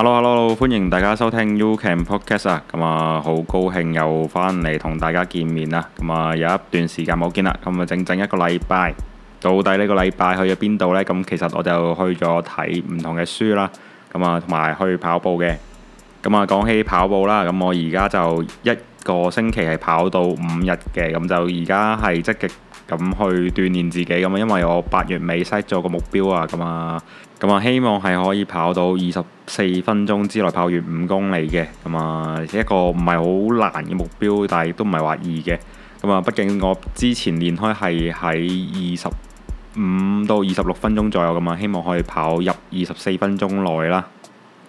Hello，Hello，hello. 歡迎大家收聽 You Can Podcast 啊，咁啊好高興又返嚟同大家見面啦，咁啊有一段時間冇見啦，咁啊整整一個禮拜，到底呢個禮拜去咗邊度呢？咁其實我就去咗睇唔同嘅書啦，咁啊同埋去跑步嘅，咁啊講起跑步啦，咁啊，我而家就一個星期係跑到五日嘅，咁就而家係積極。咁去鍛鍊自己咁啊，因為我八月尾 set 咗個目標啊，咁啊，咁啊，希望係可以跑到二十四分鐘之內跑完五公里嘅，咁啊，一個唔係好難嘅目標，但係亦都唔係話易嘅，咁啊，畢竟我之前練開係喺二十五到二十六分鐘左右咁啊，希望可以跑入二十四分鐘內啦。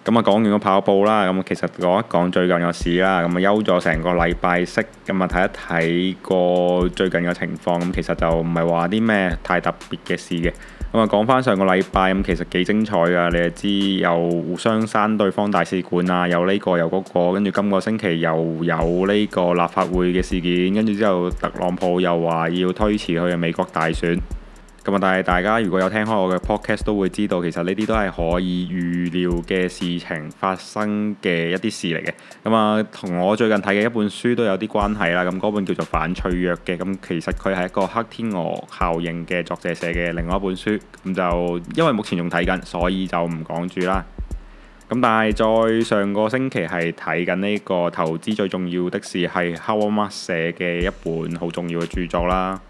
咁啊，講完個跑步啦，咁啊，其實講一講最近個事啦，咁啊，休咗成個禮拜息，咁啊，睇一睇個最近嘅情況，咁其實就唔係話啲咩太特別嘅事嘅。咁啊，講翻上個禮拜，咁其實幾精彩噶，你就知又互相刪對方大使館啊，有呢個又嗰個，跟住今個星期又有呢個立法會嘅事件，跟住之後特朗普又話要推遲去美國大選。咁啊！但係大家如果有聽開我嘅 podcast，都會知道其實呢啲都係可以預料嘅事情發生嘅一啲事嚟嘅。咁啊，同我最近睇嘅一本書都有啲關係啦。咁嗰本叫做《反脆弱》嘅，咁其實佢係一個黑天鵝效應嘅作者寫嘅另外一本書。咁就因為目前仲睇緊，所以就唔講住啦。咁但係再上個星期係睇緊呢個投資最重要的事，係 Howard Marks 寫嘅一本好重要嘅著作啦。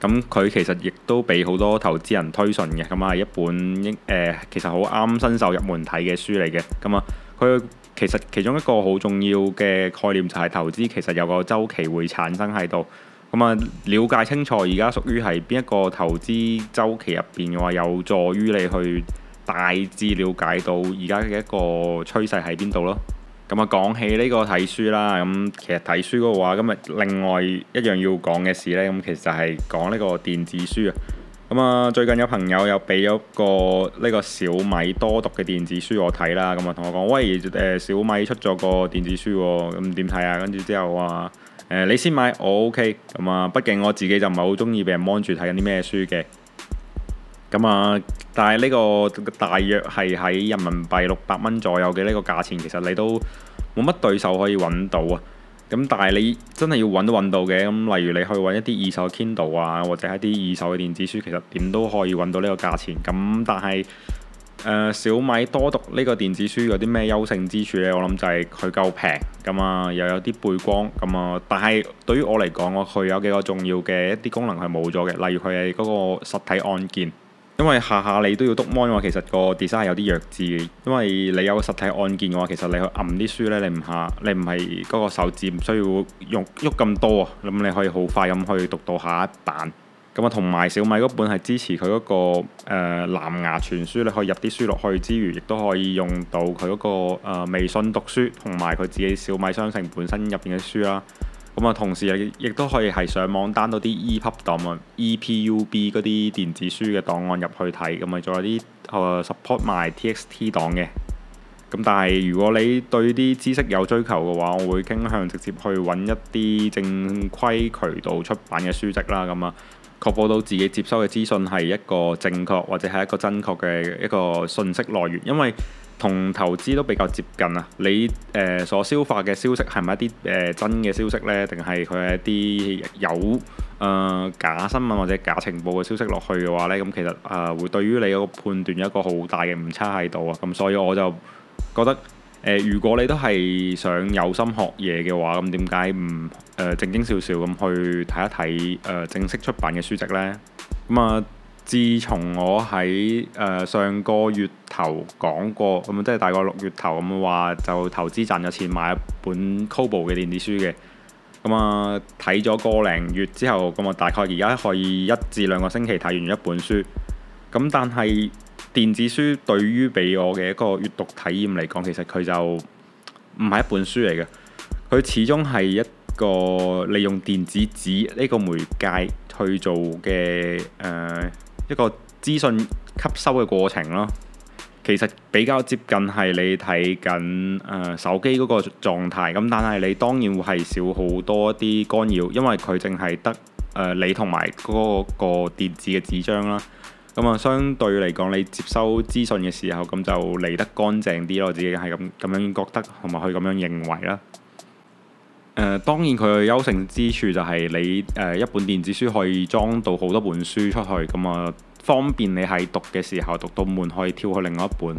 咁佢其實亦都俾好多投資人推崇嘅，咁啊係一本英誒、呃，其實好啱新手入門睇嘅書嚟嘅。咁啊，佢其實其中一個好重要嘅概念就係投資其實有個周期會產生喺度。咁啊，瞭解清楚而家屬於係邊一個投資周期入邊嘅話，有助於你去大致了解到而家嘅一個趨勢喺邊度咯。咁啊，講起呢個睇書啦，咁其實睇書嘅話，咁啊另外一樣要講嘅事呢，咁其實係講呢個電子書啊。咁啊，最近有朋友又俾咗個呢個小米多讀嘅電子書我睇啦，咁啊同我講，喂，誒小米出咗個電子書喎，咁點睇啊？跟住之後話，誒你先買我 OK，咁啊，畢竟我自己就唔係好中意俾人望住睇緊啲咩書嘅。咁啊、嗯，但係呢個大約係喺人民幣六百蚊左右嘅呢個價錢，其實你都冇乜對手可以揾到啊。咁但係你真係要揾都揾到嘅。咁、嗯、例如你去揾一啲二手 Kindle 啊，或者一啲二手嘅電子書，其實點都可以揾到呢個價錢。咁、嗯、但係誒、呃、小米多讀呢個電子書有啲咩優勝之處呢？我諗就係佢夠平，咁啊，又有啲背光咁啊、嗯，但係對於我嚟講，我佢有幾個重要嘅一啲功能係冇咗嘅，例如佢係嗰個實體按鍵。因為下下你都要篤 mon 話，其實個 design 有啲弱智嘅。因為你有個實體按鍵嘅話，其實你去撳啲書呢，你唔下你唔係嗰個手指唔需要用喐咁多啊。咁你可以好快咁去讀到下一版。咁啊，同埋小米嗰本係支持佢嗰個誒藍牙傳書，你可以入啲書落去之餘，亦都可以用到佢嗰個誒微信讀書，同埋佢自己小米商城本身入邊嘅書啦。咁啊，同時亦都可以係上網 down 到啲 EPUB 檔案、EPUB 嗰啲電子書嘅檔案入去睇，咁啊，仲有啲 support 埋 TXT 檔嘅。咁但係如果你對啲知識有追求嘅話，我會傾向直接去揾一啲正規渠道出版嘅書籍啦，咁啊，確保到自己接收嘅資訊係一個正確或者係一個真確嘅一個信息來源，因為。同投資都比較接近啊！你誒、呃、所消化嘅消息係咪一啲誒、呃、真嘅消息呢？定係佢係一啲有誒、呃、假新聞或者假情報嘅消息落去嘅話呢？咁、嗯、其實啊、呃，會對於你個判斷有一個好大嘅誤差喺度啊！咁、嗯、所以我就覺得、呃、如果你都係想有心學嘢嘅話，咁點解唔誒正經少少咁去睇一睇誒、呃、正式出版嘅書籍呢？咁、嗯、啊～、嗯嗯嗯嗯自從我喺誒上個月頭講過，咁即係大概六月頭咁話就投資賺咗錢買一本 Kobo 嘅電子書嘅咁啊，睇咗個零月之後，咁啊大概而家可以一至兩個星期睇完一本書。咁但係電子書對於俾我嘅一個閱讀體驗嚟講，其實佢就唔係一本書嚟嘅，佢始終係一個利用電子紙呢個媒介去做嘅誒。呃一個資訊吸收嘅過程咯，其實比較接近係你睇緊誒手機嗰個狀態。咁但係你當然會係少好多啲干擾，因為佢淨係得誒你同埋嗰個電子嘅紙張啦。咁啊，相對嚟講，你接收資訊嘅時候咁就嚟得乾淨啲咯。自己係咁咁樣覺得，同埋佢咁樣認為啦。誒、呃，當然佢嘅優勝之處就係你誒、呃、一本電子書可以裝到好多本書出去，咁啊方便你喺讀嘅時候讀到悶，可以跳去另外一本。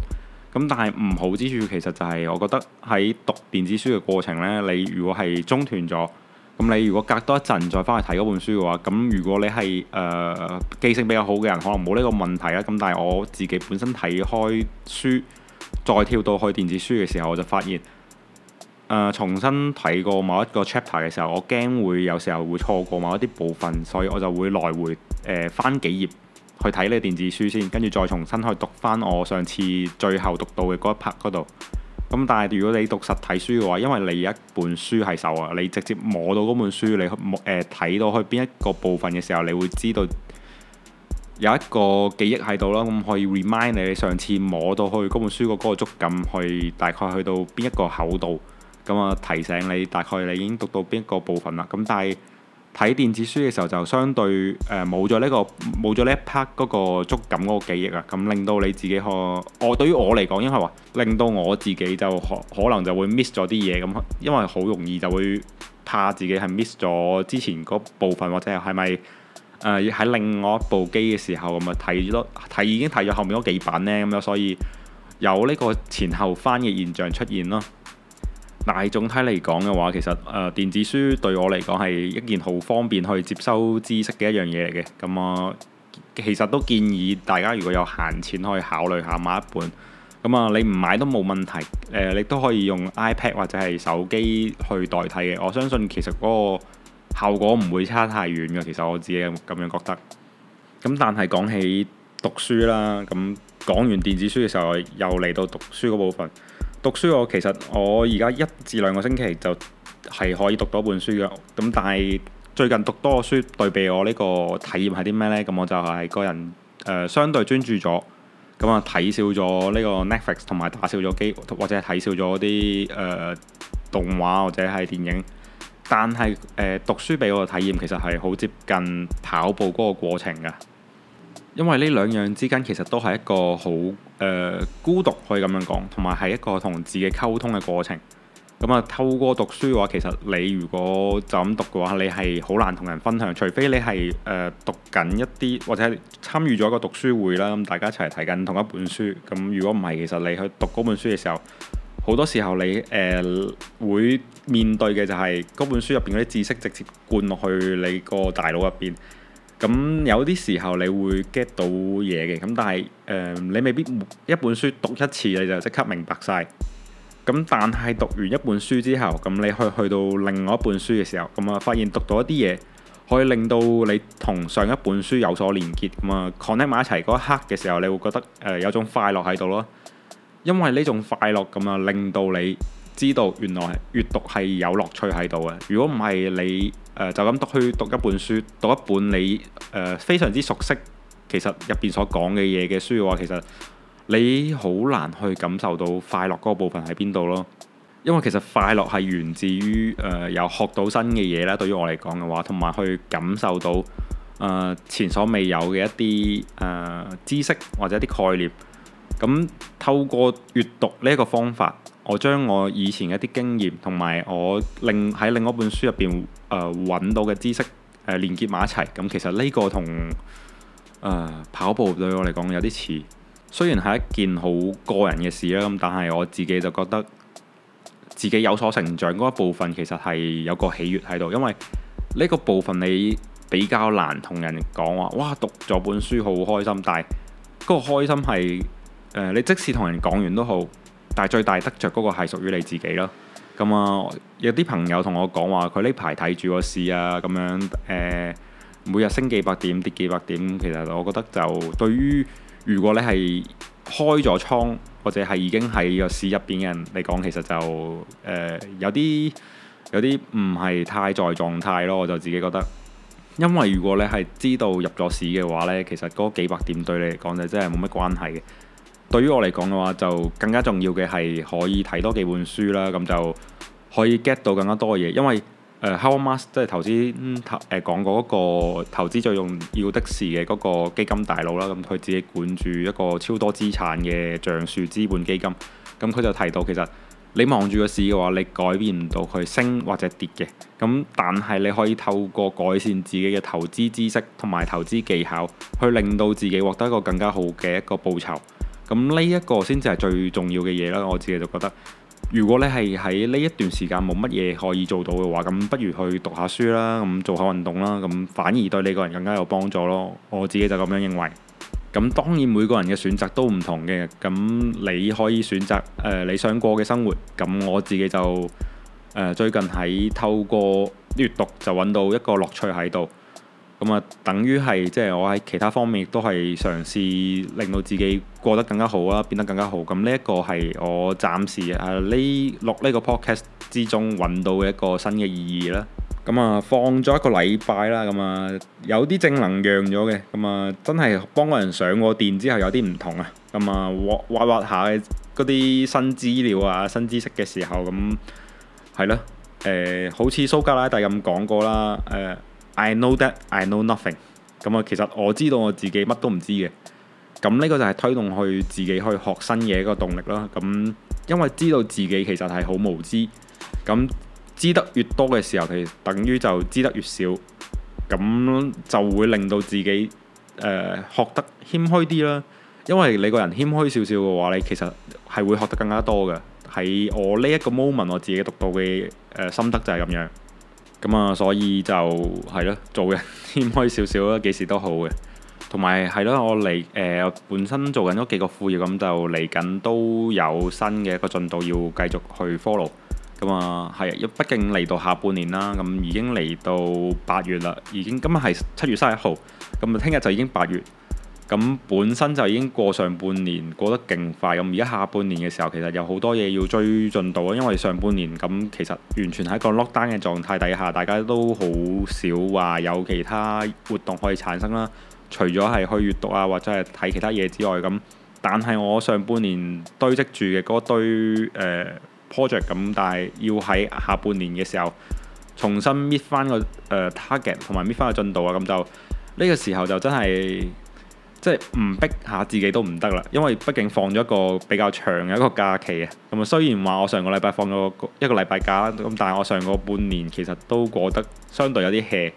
咁但係唔好之處其實就係，我覺得喺讀電子書嘅過程呢，你如果係中斷咗，咁你如果隔多一陣再翻去睇嗰本書嘅話，咁如果你係誒記性比較好嘅人，可能冇呢個問題啦。咁但係我自己本身睇開書，再跳到去電子書嘅時候，我就發現。誒、呃、重新睇過某一個 chapter 嘅時候，我驚會有時候會錯過某一啲部分，所以我就會來回誒翻、呃、幾頁去睇呢電子書先，跟住再重新去讀翻我上次最後讀到嘅嗰一 part 嗰度。咁但係如果你讀實體書嘅話，因為你一本書係手啊，你直接摸到嗰本書，你摸睇、呃、到去邊一個部分嘅時候，你會知道有一個記憶喺度啦，咁可以 remind 你，你上次摸到去嗰本書個嗰個觸感，去大概去到邊一個厚度。咁啊，提醒你大概你已經讀到邊一個部分啦。咁但係睇電子書嘅時候就相對誒冇咗呢個冇咗呢一 part 嗰個觸感嗰個記憶啊，咁、嗯、令到你自己學、哦、我對於我嚟講，因為話令到我自己就可可能就會 miss 咗啲嘢咁、嗯，因為好容易就會怕自己係 miss 咗之前嗰部分或者係咪誒喺另外一部機嘅時候咁啊睇咗，睇、嗯、已經睇咗後面嗰幾版呢。咁、嗯、樣，所以有呢個前後翻嘅現象出現咯。但係，總體嚟講嘅話，其實誒電子書對我嚟講係一件好方便去接收知識嘅一樣嘢嚟嘅。咁啊，其實都建議大家如果有閒錢，可以考慮下買一本。咁啊，你唔買都冇問題。誒，你都可以用 iPad 或者係手機去代替嘅。我相信其實嗰個效果唔會差太遠嘅。其實我自己咁樣覺得。咁但係講起讀書啦，咁講完電子書嘅時候，又嚟到讀書嗰部分。讀書我其實我而家一至兩個星期就係可以讀到本書嘅，咁但係最近讀多個書對比我呢個體驗係啲咩呢？咁我就係個人誒、呃、相對專注咗，咁啊睇少咗呢個 Netflix 同埋打少咗機，或者係睇少咗啲誒動畫或者係電影。但係誒、呃、讀書俾我嘅體驗其實係好接近跑步嗰個過程嘅。因為呢兩樣之間其實都係一個好誒、呃、孤獨，可以咁樣講，同埋係一個同自己溝通嘅過程。咁、嗯、啊，透過讀書嘅話，其實你如果就咁讀嘅話，你係好難同人分享。除非你係誒、呃、讀緊一啲，或者參與咗一個讀書會啦，咁大家一齊睇緊同一本書。咁如果唔係，其實你去讀嗰本書嘅時候，好多時候你誒、呃、會面對嘅就係嗰本書入邊嗰啲知識直接灌落去你個大腦入邊。咁有啲時候你會 get 到嘢嘅，咁但係誒、呃、你未必一本書讀一次你就即刻明白晒。咁但係讀完一本書之後，咁你去去到另外一本書嘅時候，咁啊發現讀到一啲嘢可以令到你同上一本書有所連結，咁啊 connect 埋一齊嗰一刻嘅時候，你會覺得誒、呃、有種快樂喺度咯。因為呢種快樂咁啊令到你。知道原來閱讀係有樂趣喺度嘅。如果唔係你誒、呃、就咁讀去讀一本書，讀一本你誒、呃、非常之熟悉其實入邊所講嘅嘢嘅書嘅話，其實你好難去感受到快樂嗰部分喺邊度咯。因為其實快樂係源自於誒、呃、有學到新嘅嘢啦。對於我嚟講嘅話，同埋去感受到誒、呃、前所未有嘅一啲誒、呃、知識或者一啲概念。咁透過閱讀呢一個方法。我將我以前一啲經驗同埋我另喺另一本書入邊誒揾到嘅知識誒、呃、連結埋一齊，咁其實呢個同誒、呃、跑步對我嚟講有啲似，雖然係一件好個人嘅事啦，咁但係我自己就覺得自己有所成長嗰一部分其實係有個喜悅喺度，因為呢個部分你比較難同人講話，哇讀咗本書好開心，但係嗰個開心係誒、呃、你即使同人講完都好。但係最大得着嗰個係屬於你自己咯。咁、嗯、啊，有啲朋友同我講話，佢呢排睇住個市啊，咁樣誒、呃，每日升幾百點、跌幾百點，其實我覺得就對於如果你係開咗倉或者係已經喺個市入邊嘅人嚟講，其實就誒、呃、有啲有啲唔係太在狀態咯。我就自己覺得，因為如果你係知道入咗市嘅話呢，其實嗰幾百點對你嚟講就真係冇乜關係嘅。對於我嚟講嘅話，就更加重要嘅係可以睇多幾本書啦，咁就可以 get 到更加多嘅嘢。因為誒、呃、Howard Marks 即係頭先誒講過嗰個投資最重要的事嘅嗰個基金大佬啦，咁佢自己管住一個超多資產嘅橡樹資本基金，咁佢就提到其實你望住個市嘅話，你改變唔到佢升或者跌嘅。咁但係你可以透過改善自己嘅投資知識同埋投資技巧，去令到自己獲得一個更加好嘅一個報酬。咁呢一個先至係最重要嘅嘢啦，我自己就覺得，如果你係喺呢一段時間冇乜嘢可以做到嘅話，咁不如去讀下書啦，咁做下運動啦，咁反而對你個人更加有幫助咯。我自己就咁樣認為。咁當然每個人嘅選擇都唔同嘅，咁你可以選擇誒、呃、你想過嘅生活。咁我自己就誒、呃、最近喺透過閱讀就揾到一個樂趣喺度。咁啊，等於係即係我喺其他方面都係嘗試令到自己過得更加好啊，變得更加好。咁呢一個係我暫時啊呢錄呢個 podcast 之中揾到嘅一個新嘅意義啦。咁啊，放咗一個禮拜啦，咁啊有啲正能量咗嘅。咁啊，真係幫個人上過電之後有啲唔同啊。咁啊，挖挖，挖下嗰啲新資料啊、新知識嘅時候，咁係啦。誒、呃，好似蘇格拉底咁講過啦。誒、呃。I know that I know nothing。咁啊，其實我知道我自己乜都唔知嘅。咁、嗯、呢、這個就係推動去自己去學新嘢一個動力咯。咁、嗯、因為知道自己其實係好無知，咁、嗯、知得越多嘅時候，其實等於就知得越少。咁、嗯、就會令到自己誒、呃、學得謙虛啲啦。因為你個人謙虛少少嘅話，你其實係會學得更加多嘅。喺我呢一個 moment，我自己讀到嘅誒、呃、心得就係咁樣。咁啊，所以就係咯，做嘅，謙虛少少啦，幾時都好嘅。同埋係咯，我嚟誒、呃，本身做緊嗰幾個副業，咁就嚟緊都有新嘅一個進度要繼續去 follow。咁啊，係，畢竟嚟到下半年啦，咁已經嚟到八月啦，已經今日係七月三十一號，咁啊聽日就已經八月。咁本身就已經過上半年過得勁快，咁而家下半年嘅時候，其實有好多嘢要追進度啊，因為上半年咁其實完全喺個個 lock down 嘅狀態底下，大家都好少話有其他活動可以產生啦。除咗係去閱讀啊，或者係睇其他嘢之外，咁但係我上半年堆積住嘅嗰堆誒、呃、project，咁但係要喺下半年嘅時候重新搣翻個誒、呃、target 同埋搣翻個進度啊，咁就呢、這個時候就真係。即係唔逼下自己都唔得啦，因為畢竟放咗一個比較長嘅一個假期啊。咁、嗯、啊，雖然話我上個禮拜放咗一個禮拜假，咁但係我上個半年其實都過得相對有啲 hea。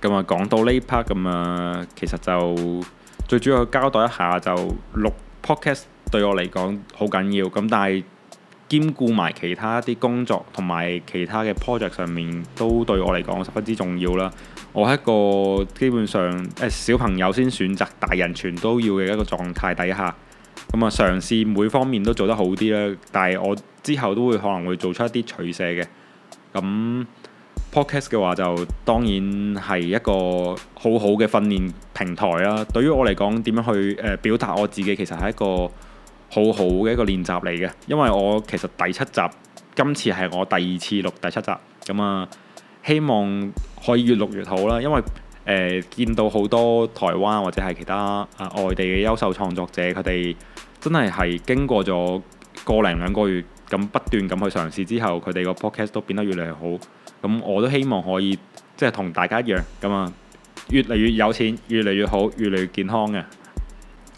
咁、嗯、啊，講到呢 part 咁啊，其實就最主要交代一下就錄 podcast 對我嚟講好緊要。咁但係兼顧埋其他啲工作同埋其他嘅 project 上面都對我嚟講十分之重要啦。我喺一個基本上誒、呃、小朋友先選擇，大人全都要嘅一個狀態底下，咁、嗯、啊，嘗試每方面都做得好啲啦。但係我之後都會可能會做出一啲取捨嘅咁。嗯、Podcast 嘅話就當然係一個好好嘅訓練平台啦。對於我嚟講，點樣去誒、呃、表達我自己，其實係一個好好嘅一個練習嚟嘅。因為我其實第七集今次係我第二次錄第七集，咁、嗯、啊、嗯，希望，可以越錄越好啦，因為誒、呃、見到好多台灣或者係其他啊、呃、外地嘅優秀創作者，佢哋真係係經過咗個零兩個月咁不斷咁去嘗試之後，佢哋個 podcast 都變得越嚟越好。咁我都希望可以即係同大家一樣咁啊，越嚟越有錢，越嚟越好，越嚟越健康嘅。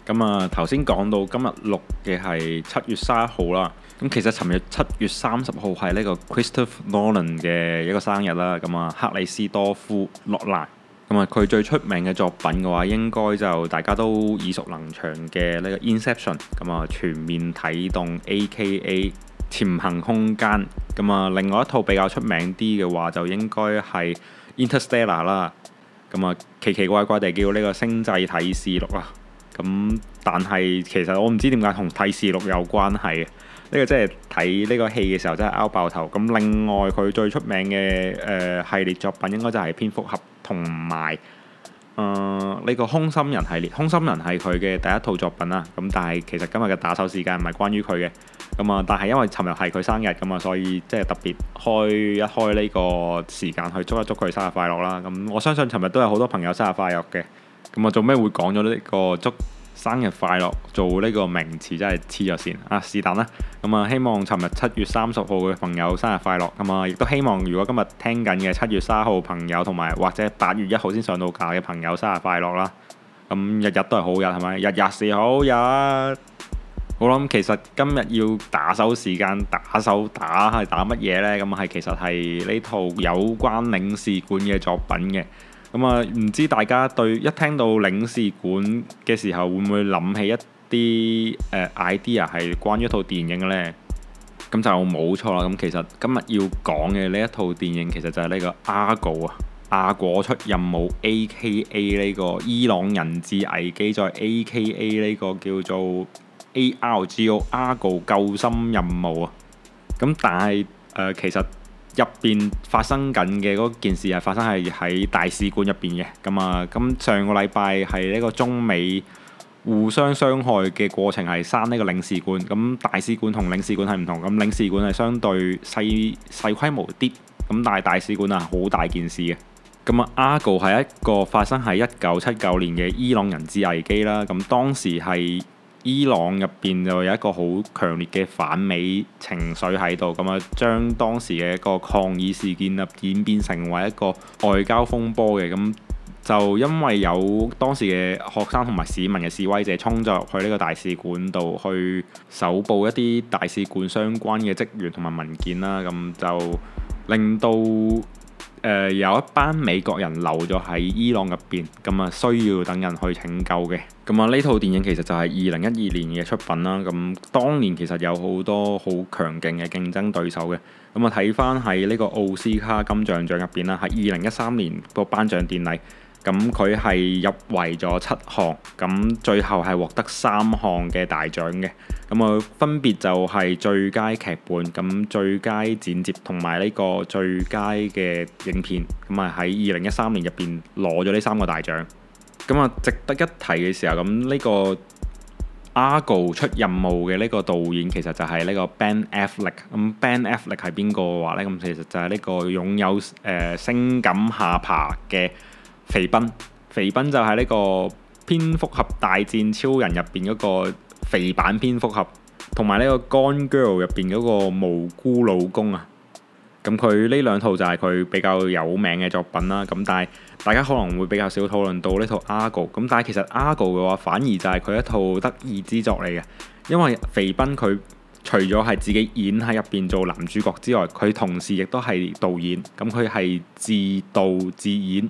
咁啊，頭先講到今日錄嘅係七月三十一號啦。咁其實，尋日七月三十號係呢個 Christopher Nolan 嘅一個生日啦。咁啊，克里斯多夫諾蘭咁啊，佢最出名嘅作品嘅話，應該就大家都耳熟能詳嘅呢個《Inception》咁啊，全面啟動 A.K.A. 潛行空間。咁啊，另外一套比較出名啲嘅話，就應該係《Interstellar》啦。咁啊，奇奇怪怪地叫呢個《星際啟示錄》啊。咁但係其實我唔知點解同《啟示錄》有關係。呢個即係睇呢個戲嘅時候真係，拗爆頭咁。另外佢最出名嘅誒，系列作品應該就係蝙蝠俠同埋誒，呢個空心人系列。空心人係佢嘅第一套作品啦。咁但係其實今日嘅打手時間唔係關於佢嘅咁啊。但係因為尋日係佢生日咁啊，所以即係特別開一開呢個時間去祝一祝佢生日快樂啦。咁我相信尋日都有好多朋友生日快樂嘅。咁啊，做咩會講咗呢個祝？生日快樂！做呢個名詞真係黐咗線啊！是但啦，咁、嗯、啊希望尋日七月三十號嘅朋友生日快樂，咁啊亦都希望如果今日聽緊嘅七月三號朋友同埋或者八月一號先上到架嘅朋友生日快樂啦！咁、嗯、日日都係好日係咪？日日是好日。好啦、嗯，其實今日要打手時間打手打係打乜嘢呢？咁、嗯、係其實係呢套有關領事館嘅作品嘅。咁啊，唔、嗯、知大家對一聽到領事館嘅時候，會唔會諗起一啲誒、呃、idea 係關於一套電影嘅呢？咁就冇錯啦。咁、嗯、其實今日要講嘅呢一套電影，其實就係呢個 Argo 啊，阿果出任務，A K A 呢個伊朗人質危機，再 A K A 呢個叫做 Argo，Argo 救心任務啊。咁、嗯、但係誒、呃，其實入邊發生緊嘅嗰件事係發生喺喺大使館入邊嘅，咁啊。咁上個禮拜係呢個中美互相傷害嘅過程係閂呢個領事館，咁大使館同領事館係唔同，咁領事館係相對細細規模啲咁，但係大使館啊好大件事嘅咁啊。Argo 係一個發生喺一九七九年嘅伊朗人質危機啦，咁當時係。伊朗入邊就有一個好強烈嘅反美情緒喺度，咁啊將當時嘅一個抗議事件啊演變成為一個外交風波嘅，咁就因為有當時嘅學生同埋市民嘅示威者衝咗入去呢個大使館度去搜捕一啲大使館相關嘅職員同埋文件啦，咁就令到。誒、呃，有一班美國人留咗喺伊朗入邊，咁啊需要等人去拯救嘅。咁啊，呢套電影其實就係二零一二年嘅出品啦。咁當年其實有好多好強勁嘅競爭對手嘅。咁啊，睇返喺呢個奧斯卡金像獎入邊啦，喺二零一三年個頒獎典禮，咁佢係入圍咗七項，咁最後係獲得三項嘅大獎嘅。咁啊，分別就係最佳劇本、咁最佳剪接同埋呢個最佳嘅影片。咁啊，喺二零一三年入邊攞咗呢三個大獎。咁啊，值得一提嘅時候，咁呢個《Argo》出任務嘅呢個導演其實就係呢個 Ben Affleck。咁 Ben Affleck 係邊個嘅話呢？咁其實就係呢個擁有誒、呃、性感下爬嘅肥賓。肥賓就係呢個《蝙蝠俠大戰超人》入邊嗰個。肥版蝙蝠俠同埋呢個《Gone Girl》入邊嗰個無辜老公啊，咁佢呢兩套就係佢比較有名嘅作品啦。咁但係大家可能會比較少討論到呢套《Argo》。咁但係其實《Argo》嘅話，反而就係佢一套得意之作嚟嘅，因為肥斌佢除咗係自己演喺入邊做男主角之外，佢同時亦都係導演，咁佢係自導自演。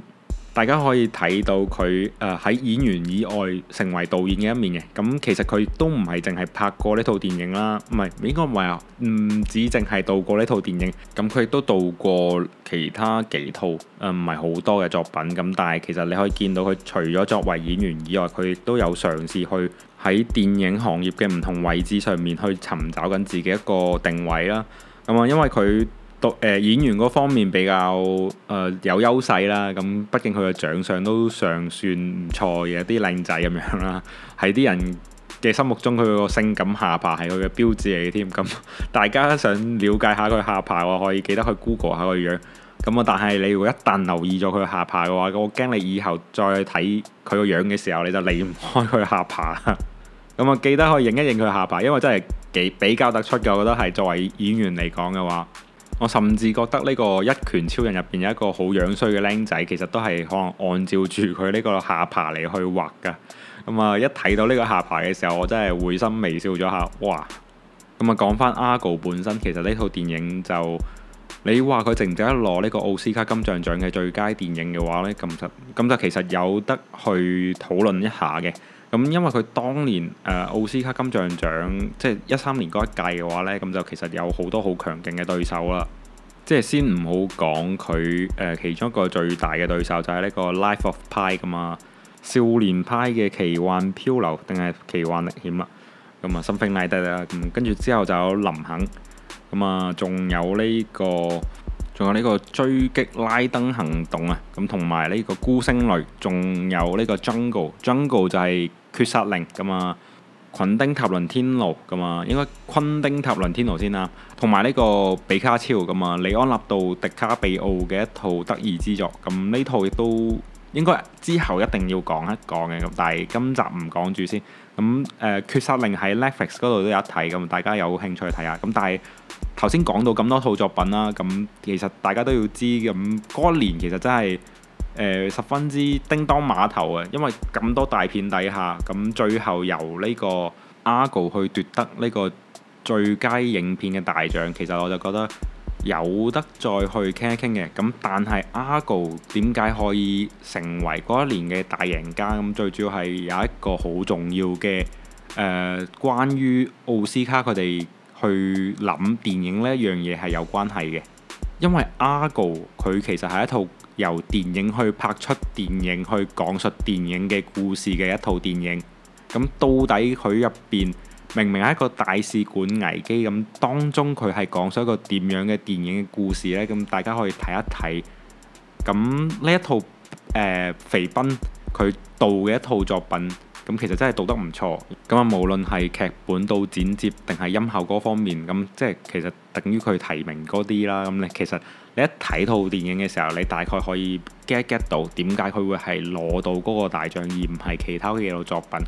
大家可以睇到佢誒喺演員以外成為導演嘅一面嘅，咁其實佢都唔係淨係拍過呢套電影啦，唔係，應該唔係啊，唔止淨係導過呢套電影，咁佢亦都導過其他幾套誒唔係好多嘅作品，咁但係其實你可以見到佢除咗作為演員以外，佢都有嘗試去喺電影行業嘅唔同位置上面去尋找緊自己一個定位啦，咁啊，因為佢。讀演員嗰方面比較誒、呃、有優勢啦。咁、嗯、畢竟佢嘅長相都尚算唔錯，嘅啲靚仔咁樣啦。喺啲人嘅心目中，佢個性感下巴係佢嘅標誌嚟嘅添。咁、嗯、大家想了解下佢下巴，嘅話可以記得去 Google 下佢樣。咁、嗯、啊，但係你如果一旦留意咗佢下巴嘅話，我驚你以後再睇佢個樣嘅時候，你就離唔開佢下巴。啦、嗯。咁、嗯、啊，記得可以認一認佢下巴，因為真係幾比較突出嘅。我覺得係作為演員嚟講嘅話。我甚至覺得呢個一拳超人入邊有一個好樣衰嘅僆仔，其實都係可能按照住佢呢個下巴嚟去畫㗎。咁、嗯、啊，一睇到呢個下巴嘅時候，我真係會心微笑咗下。哇！咁、嗯、啊，講返 Argo 本身，其實呢套電影就你話佢值唔值得攞呢個奧斯卡金像獎嘅最佳電影嘅話呢，咁就咁就其實有得去討論一下嘅。咁因為佢當年誒、呃、奧斯卡金像獎，即係一三年嗰一屆嘅話呢，咁就其實有好多好強勁嘅對手啦。即係先唔好講佢誒其中一個最大嘅對手就係呢個《Life of Pi》噶嘛，《少年派嘅奇幻漂流》定係《奇幻歷險》啊。咁、嗯 like、啊，《深殼內地》啦，跟住之後就有林肯，咁啊仲有呢、呢個仲有呢個追擊拉登行動啊，咁同埋呢個孤星淚，仲有呢個《Jungle》，Jungle 就係、是。決殺令咁、嗯、啊，菌丁塔倫天奴咁啊，應該昆丁塔倫天奴先啦，同埋呢個比卡超咁啊，李安納度、迪卡比奧嘅一套得意之作，咁、啊、呢套亦都應該之後一定要講一講嘅，咁、啊、但係今集唔講住先。咁、啊、誒，決殺令喺 Netflix 嗰度都有得睇，咁、啊、大家有興趣睇下。咁、啊、但係頭先講到咁多套作品啦，咁、啊啊、其實大家都要知，咁嗰年其實真係～呃、十分之叮當馬頭啊！因為咁多大片底下，咁最後由呢個 Argo 去奪得呢個最佳影片嘅大獎，其實我就覺得有得再去傾一傾嘅。咁但係 Argo 點解可以成為嗰一年嘅大贏家？咁最主要係有一個好重要嘅誒、呃，關於奧斯卡佢哋去諗電影呢一樣嘢係有關係嘅，因為 Argo 佢其實係一套，由電影去拍出電影，去講述電影嘅故事嘅一套電影。咁到底佢入邊明明係一個大使館危機咁，當中佢係講咗一個點樣嘅電影嘅故事呢？咁大家可以睇一睇。咁呢一套誒，肥斌佢導嘅一套作品。咁其實真係讀得唔錯，咁啊，無論係劇本到剪接定係音效嗰方面，咁即係其實等於佢提名嗰啲啦。咁你其實你一睇套電影嘅時候，你大概可以 get get 到點解佢會係攞到嗰個大獎，而唔係其他嘅嘢嘅作品。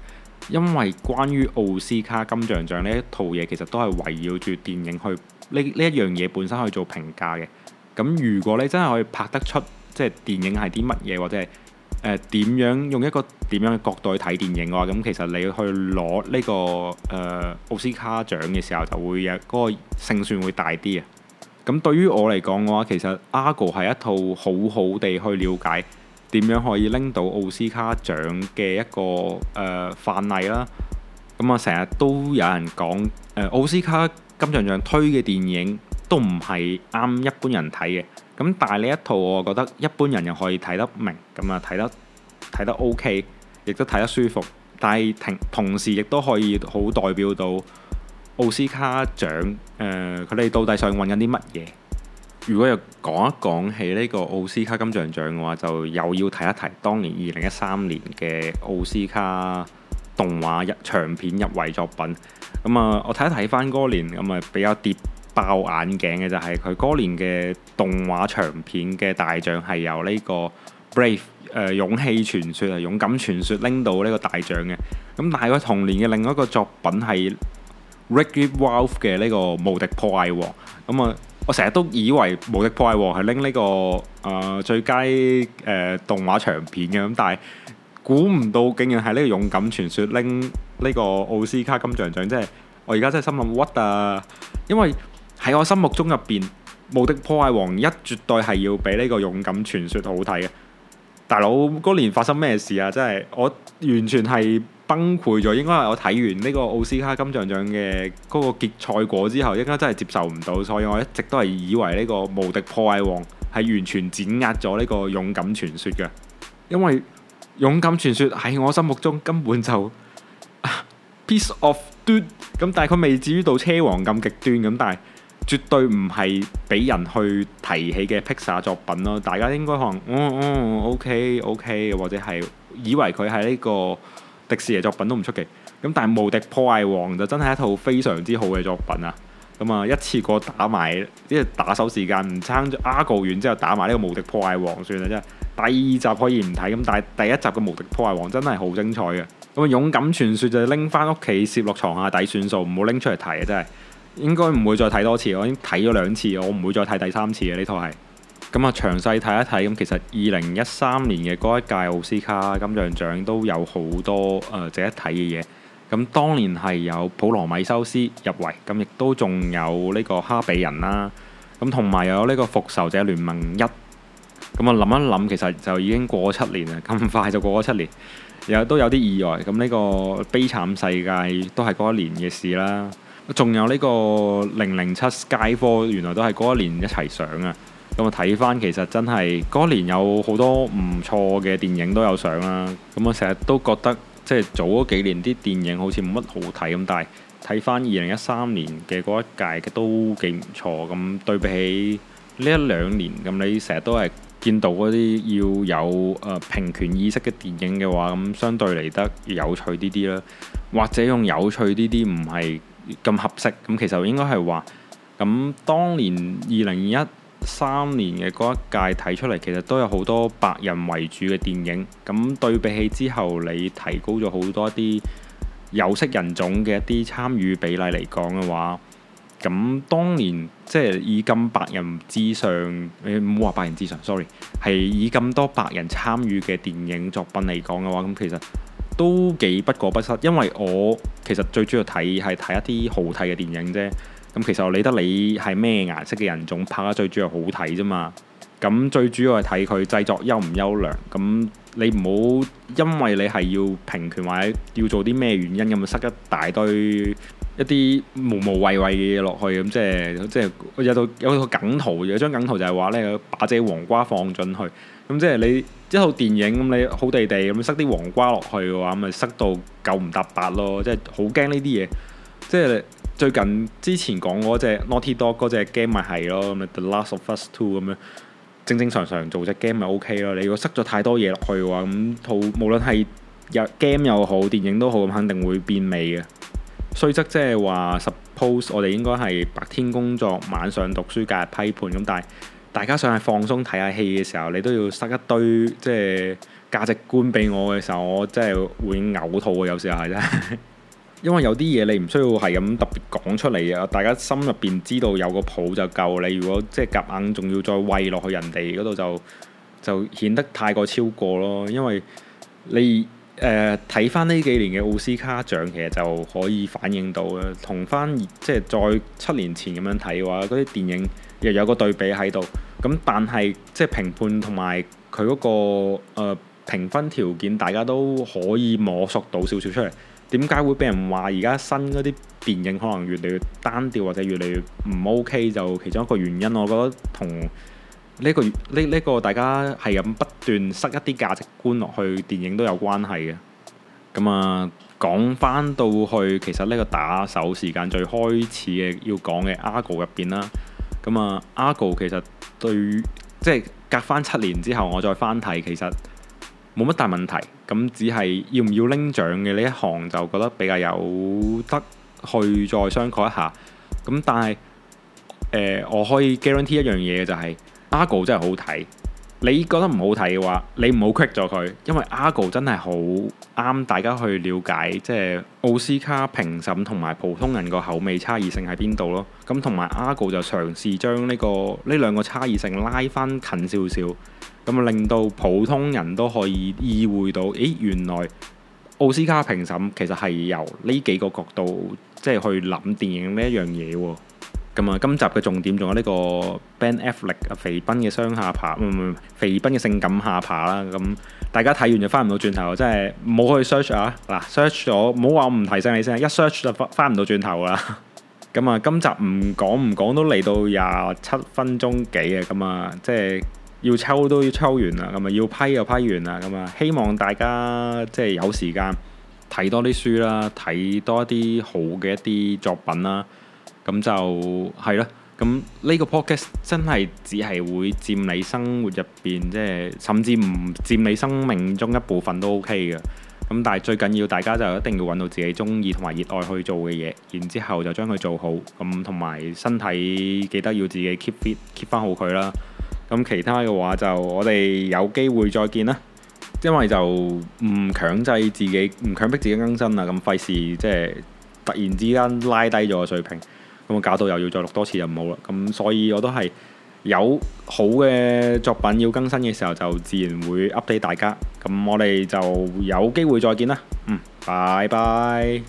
因為關於奧斯卡金像獎呢一套嘢，其實都係圍繞住電影去呢呢一樣嘢本身去做評價嘅。咁如果你真係可以拍得出，即係電影係啲乜嘢或者係，誒點樣用一個點樣嘅角度去睇電影嘅話，咁其實你去攞呢個誒奧斯卡獎嘅時候，就會有嗰個勝算會大啲啊！咁對於我嚟講嘅話，其實《Argo》係一套好好地去了解點樣可以拎到奧斯卡獎嘅一個誒範例啦。咁啊，成日都有人講誒奧斯卡金像獎推嘅電影都唔係啱一般人睇嘅。咁但係呢一套我覺得一般人又可以睇得明，咁啊睇得睇得 OK，亦都睇得舒服。但係同同時亦都可以好代表到奧斯卡獎，誒佢哋到底想揾緊啲乜嘢？如果又講一講起呢個奧斯卡金像獎嘅話，就又要提一提當年二零一三年嘅奧斯卡動畫入長片入圍作品。咁、嗯、啊，我睇一睇翻嗰年，咁啊比較跌。爆眼鏡嘅就係佢嗰年嘅動畫長片嘅大獎，係由呢個 Brave，誒勇氣傳説，啊勇敢傳説拎到呢個大獎嘅，咁但係佢同年嘅另一個作品係 Wreck-It Ralph 嘅呢個無敵破壞王，咁啊我成日都以為無敵破壞王係拎呢個誒最佳誒動畫長片嘅，咁但係估唔到竟然係呢個勇敢傳説拎呢個奧斯卡金像獎，即係我而家真係心諗 What 啊，因為喺我心目中入邊，《無敵破壞王》一絕對係要比呢個《勇敢傳說》好睇嘅。大佬，嗰年發生咩事啊？真係我完全係崩潰咗，應該係我睇完呢個奧斯卡金像獎嘅嗰個結賽果之後，應該真係接受唔到，所以我一直都係以為呢個《無敵破壞王》係完全碾壓咗呢個《勇敢傳說》嘅。因為《勇敢傳說》喺我心目中根本就 piece of dude 咁但係佢未至於到車王咁極端咁，但係。絕對唔係俾人去提起嘅 Pixar 作品咯，大家應該可能，嗯嗯、嗯，OK OK，或者係以為佢係呢個迪士尼作品都唔出奇。咁但係無敵破壞王就真係一套非常之好嘅作品啊！咁啊，一次過打埋呢啲打手時間唔撐，Argo 完之後打埋呢、呢個無敵破壞王算啦，真係。第二集可以唔睇，咁但係第一集嘅無敵破壞王真係好精彩嘅。咁啊，勇敢傳説就拎翻屋企攝落床下底算數，唔好拎出嚟睇啊！真係。應該唔會再睇多次，我已經睇咗兩次，我唔會再睇第三次嘅呢套係。咁啊，詳細睇一睇。咁其實二零一三年嘅嗰一屆奧斯卡金像獎都有好多誒、呃、值得睇嘅嘢。咁當年係有《普羅米修斯》入圍，咁亦都仲有呢個《哈比人》啦。咁同埋又有呢個《復仇者聯盟一》。咁啊，諗一諗，其實就已經過咗七年啦，咁快就過咗七年，有都有啲意外。咁呢個悲慘世界都係嗰一年嘅事啦。仲有呢個零零七 Skyfall，原來都係嗰一年一齊上啊。咁我睇翻其實真係嗰一年有好多唔錯嘅電影都有上啦。咁我成日都覺得，即係早嗰幾年啲電影好似冇乜好睇咁，但係睇翻二零一三年嘅嗰一屆嘅都幾唔錯。咁對比起呢一兩年，咁你成日都係見到嗰啲要有誒平權意識嘅電影嘅話，咁相對嚟得有趣啲啲啦。或者用有趣啲啲，唔係。咁合適，咁其實應該係話，咁當年二零一三年嘅嗰一屆睇出嚟，其實都有好多白人為主嘅電影，咁對比起之後你提高咗好多啲有色人種嘅一啲參與比例嚟講嘅話，咁當年即係、就是、以咁白人之上，誒唔好話白人之上，sorry，係以咁多白人參與嘅電影作品嚟講嘅話，咁其實。都幾不過不失，因為我其實最主要睇係睇一啲好睇嘅電影啫。咁其實我理得你係咩顏色嘅人種拍得最主要好睇啫嘛。咁最主要係睇佢製作優唔優良。咁你唔好因為你係要平權或者要做啲咩原因咁，塞一大堆一啲無無謂謂嘅嘢落去。咁即係即係有個有個梗圖，有張梗圖就係話呢：「把隻黃瓜放進去。咁、嗯、即係你一套電影咁、嗯，你好地地咁塞啲黃瓜落去嘅話，咪、嗯、塞到九唔搭八咯。即係好驚呢啲嘢。即係最近之前講嗰隻 Naughty Dog 嗰隻 game 咪係咯，嗯《The Last of Us 2》咁樣正正常常做隻 game 咪 OK 咯。你如果塞咗太多嘢落去嘅話，咁、嗯、套無論係 game 又好，電影都好，咁、嗯、肯定會變味嘅。雖則即係話 Suppose 我哋應該係白天工作，晚上讀書，隔日批判咁、嗯，但係。大家想係放鬆睇下戲嘅時候，你都要塞一堆即係價值觀俾我嘅時候，我真係會嘔吐啊！有時候係真係， 因為有啲嘢你唔需要係咁特別講出嚟啊。大家心入邊知道有個譜就夠。你如果即係夾硬仲要再餵落去人哋嗰度，就就顯得太過超過咯。因為你誒睇翻呢幾年嘅奧斯卡獎，其實就可以反映到嘅。同翻即係再七年前咁樣睇嘅話，嗰啲電影又有個對比喺度。咁但係即係評判同埋佢嗰個誒評分條件，大家都可以摸索到少少出嚟。點解會俾人話而家新嗰啲電影可能越嚟越單調或者越嚟越唔 OK？就其中一個原因，我覺得同呢個呢呢個大家係咁不斷塞一啲價值觀落去電影都有關係嘅。咁、嗯、啊，講翻到去其實呢個打手時間最開始嘅要講嘅 Argo 入邊啦。咁啊，Argo 其實對，即係隔翻七年之後我再翻睇，其實冇乜大問題，咁只係要唔要拎獎嘅呢一行就覺得比較有得去再商榷一下。咁但係誒、呃、我可以 guarantee 一樣嘢嘅就係、是、Argo 真係好睇。你覺得唔好睇嘅話，你唔好 quick 咗佢，因為 Argo 真係好啱大家去了解，即係奧斯卡評審同埋普通人個口味差異性喺邊度咯。咁同埋 Argo 就嘗試將呢個、呢兩個差異性拉翻近少少，咁令到普通人都可以意會到，誒原來奧斯卡評審其實係由呢幾個角度即係去諗電影呢一樣嘢喎。咁啊、嗯，今集嘅重點仲有呢個 Ben Affleck 啊、嗯，肥斌嘅雙下巴，唔唔，肥斌嘅性感下巴啦。咁、嗯、大家睇完就翻唔到轉頭，真係唔好去 search 啊！嗱，search 咗，唔好話我唔提醒你先，啊。一 search 就翻翻唔到轉頭啦。咁、嗯、啊，今集唔講唔講都嚟到廿七分鐘幾啊。咁、嗯、啊，即係要抽都要抽完啦，咁、嗯、啊要批又批完啦。咁、嗯、啊，希望大家即係有時間睇多啲書啦，睇多啲好嘅一啲作品啦。咁 就係啦。咁呢個 podcast 真係只係會佔你生活入邊，即係甚至唔佔你生命中一部分都 O K 嘅。咁但係最緊要大家就一定要揾到自己中意同埋熱愛去做嘅嘢，然之後就將佢做好。咁同埋身體記得要自己 keep fit，keep 翻好佢啦。咁其他嘅話就我哋有機會再見啦。因為就唔強制自己，唔強迫自己更新啦，咁費事即係突然之間拉低咗個水平。我搞到又要再錄多次就唔好啦，咁所以我都係有好嘅作品要更新嘅時候就自然會 update 大家，咁我哋就有機會再見啦，嗯，拜拜。